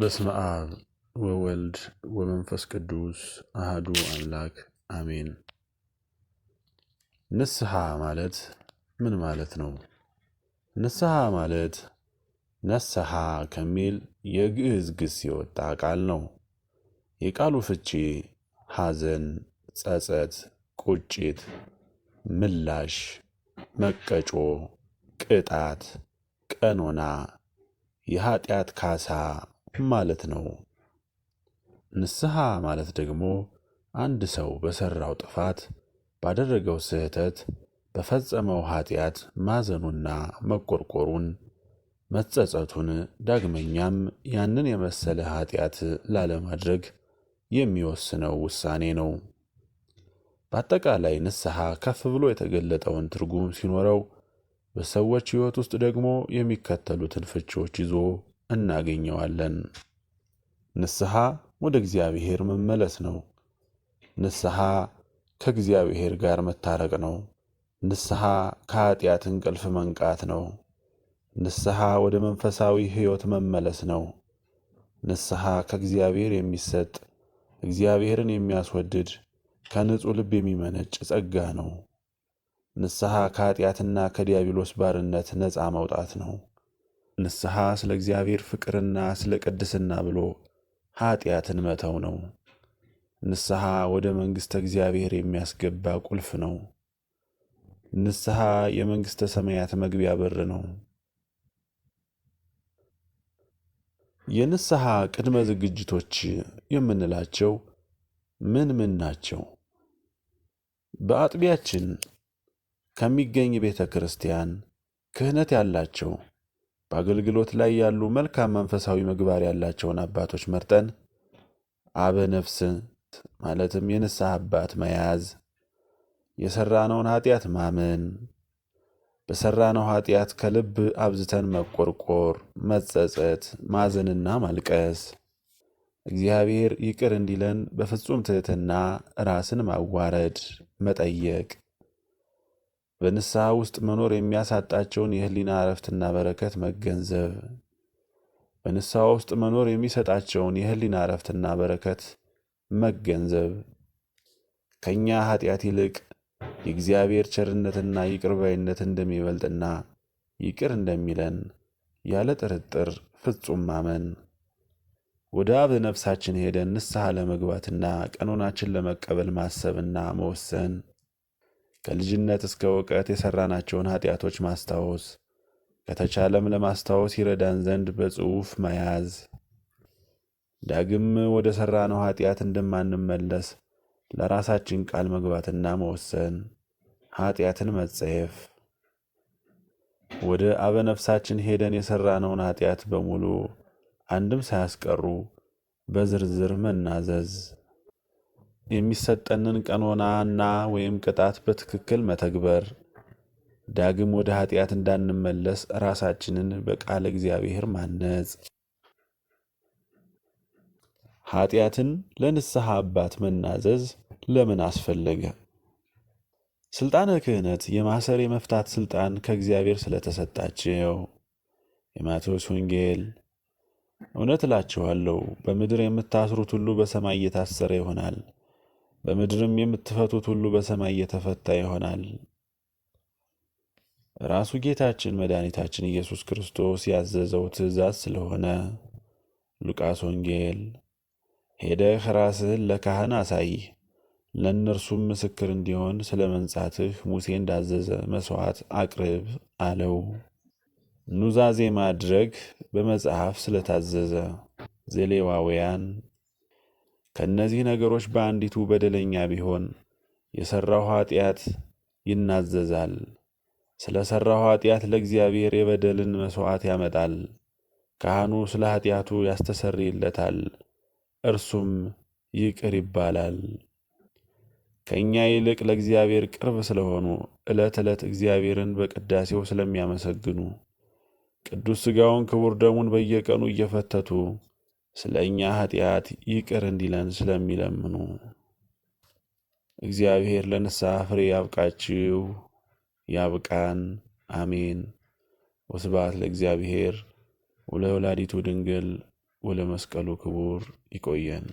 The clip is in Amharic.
በስመ አብ ወወልድ ወመንፈስ ቅዱስ አህዱ አምላክ አሜን። ንስሐ ማለት ምን ማለት ነው? ንስሐ ማለት ነስሐ ከሚል የግዕዝ ግስ የወጣ ቃል ነው። የቃሉ ፍቺ ሐዘን፣ ጸጸት፣ ቁጭት፣ ምላሽ፣ መቀጮ፣ ቅጣት፣ ቀኖና፣ የኃጢአት ካሳ ማለት ነው። ንስሐ ማለት ደግሞ አንድ ሰው በሠራው ጥፋት፣ ባደረገው ስህተት፣ በፈጸመው ኃጢአት ማዘኑና መቆርቆሩን መጸጸቱን ዳግመኛም ያንን የመሰለ ኃጢአት ላለማድረግ የሚወስነው ውሳኔ ነው። በአጠቃላይ ንስሐ ከፍ ብሎ የተገለጠውን ትርጉም ሲኖረው በሰዎች ሕይወት ውስጥ ደግሞ የሚከተሉትን ፍቺዎች ይዞ እናገኘዋለን። ንስሐ ወደ እግዚአብሔር መመለስ ነው። ንስሐ ከእግዚአብሔር ጋር መታረቅ ነው። ንስሐ ከኃጢአት እንቅልፍ መንቃት ነው። ንስሐ ወደ መንፈሳዊ ሕይወት መመለስ ነው። ንስሐ ከእግዚአብሔር የሚሰጥ እግዚአብሔርን የሚያስወድድ ከንጹሕ ልብ የሚመነጭ ጸጋ ነው። ንስሐ ከኃጢአትና ከዲያብሎስ ባርነት ነፃ መውጣት ነው። ንስሐ ስለ እግዚአብሔር ፍቅርና ስለ ቅድስና ብሎ ኀጢአትን መተው ነው። ንስሐ ወደ መንግሥተ እግዚአብሔር የሚያስገባ ቁልፍ ነው። ንስሐ የመንግሥተ ሰማያት መግቢያ በር ነው። የንስሐ ቅድመ ዝግጅቶች የምንላቸው ምን ምን ናቸው? በአጥቢያችን ከሚገኝ ቤተ ክርስቲያን ክህነት ያላቸው በአገልግሎት ላይ ያሉ መልካም መንፈሳዊ ምግባር ያላቸውን አባቶች መርጠን አበ ነፍስ ማለትም የንስሐ አባት መያዝ፣ የሰራነውን ኃጢአት ማመን፣ በሠራነው ኃጢአት ከልብ አብዝተን መቆርቆር፣ መጸጸት፣ ማዘንና ማልቀስ፣ እግዚአብሔር ይቅር እንዲለን በፍጹም ትሕትና ራስን ማዋረድ መጠየቅ በንስሐ ውስጥ መኖር የሚያሳጣቸውን የህሊና እረፍትና በረከት መገንዘብ በንስሐ ውስጥ መኖር የሚሰጣቸውን የህሊና እረፍትና በረከት መገንዘብ ከእኛ ኃጢአት ይልቅ የእግዚአብሔር ቸርነትና ይቅርባይነት እንደሚበልጥና ይቅር እንደሚለን ያለ ጥርጥር ፍጹም ማመን ወደ አብ ነፍሳችን ሄደን ንስሐ ለመግባትና ቀኖናችን ለመቀበል ማሰብና መወሰን ከልጅነት እስከ እውቀት የሠራናቸውን ኃጢአቶች ማስታወስ ከተቻለም ለማስታወስ ይረዳን ዘንድ በጽሑፍ መያዝ ዳግም ወደ ሠራነው ኃጢአት እንደማንመለስ ለራሳችን ቃል መግባትና መወሰን ኃጢአትን መጸየፍ ወደ አበነፍሳችን ሄደን የሠራነውን ኃጢአት በሙሉ አንድም ሳያስቀሩ በዝርዝር መናዘዝ የሚሰጠንን ቀኖናና ወይም ቅጣት በትክክል መተግበር፣ ዳግም ወደ ኃጢአት እንዳንመለስ ራሳችንን በቃለ እግዚአብሔር ማነጽ፣ ኃጢአትን ለንስሐ አባት መናዘዝ ለምን አስፈለገ? ስልጣነ ክህነት የማሰር የመፍታት ስልጣን ከእግዚአብሔር ስለተሰጣቸው የማቴዎስ ወንጌል እውነት እላችኋለሁ በምድር የምታስሩት ሁሉ በሰማይ እየታሰረ ይሆናል በምድርም የምትፈቱት ሁሉ በሰማይ የተፈታ ይሆናል። ራሱ ጌታችን መድኃኒታችን ኢየሱስ ክርስቶስ ያዘዘው ትእዛዝ ስለሆነ። ሉቃስ ወንጌል ሄደህ ራስህን ለካህን አሳይ፣ ለእነርሱም ምስክር እንዲሆን ስለ መንጻትህ ሙሴ እንዳዘዘ መሥዋዕት አቅርብ አለው። ኑዛዜ ማድረግ በመጽሐፍ ስለታዘዘ ዘሌዋውያን ከእነዚህ ነገሮች በአንዲቱ በደለኛ ቢሆን የሠራው ኀጢአት ይናዘዛል። ስለ ሠራው ኀጢአት ለእግዚአብሔር የበደልን መሥዋዕት ያመጣል። ካህኑ ስለ ኀጢአቱ ያስተሰርይለታል፣ እርሱም ይቅር ይባላል። ከእኛ ይልቅ ለእግዚአብሔር ቅርብ ስለሆኑ ዕለት ዕለት እግዚአብሔርን በቅዳሴው ስለሚያመሰግኑ ቅዱስ ሥጋውን ክቡር ደሙን በየቀኑ እየፈተቱ ስለ እኛ ኃጢአት ይቅር እንዲለን ስለሚለምኑ እግዚአብሔር ለንስሐ ፍሬ ያብቃችው ያብቃን። አሜን። ወስብሐት ለእግዚአብሔር ወለወላዲቱ ድንግል ወለመስቀሉ ክቡር። ይቆየን።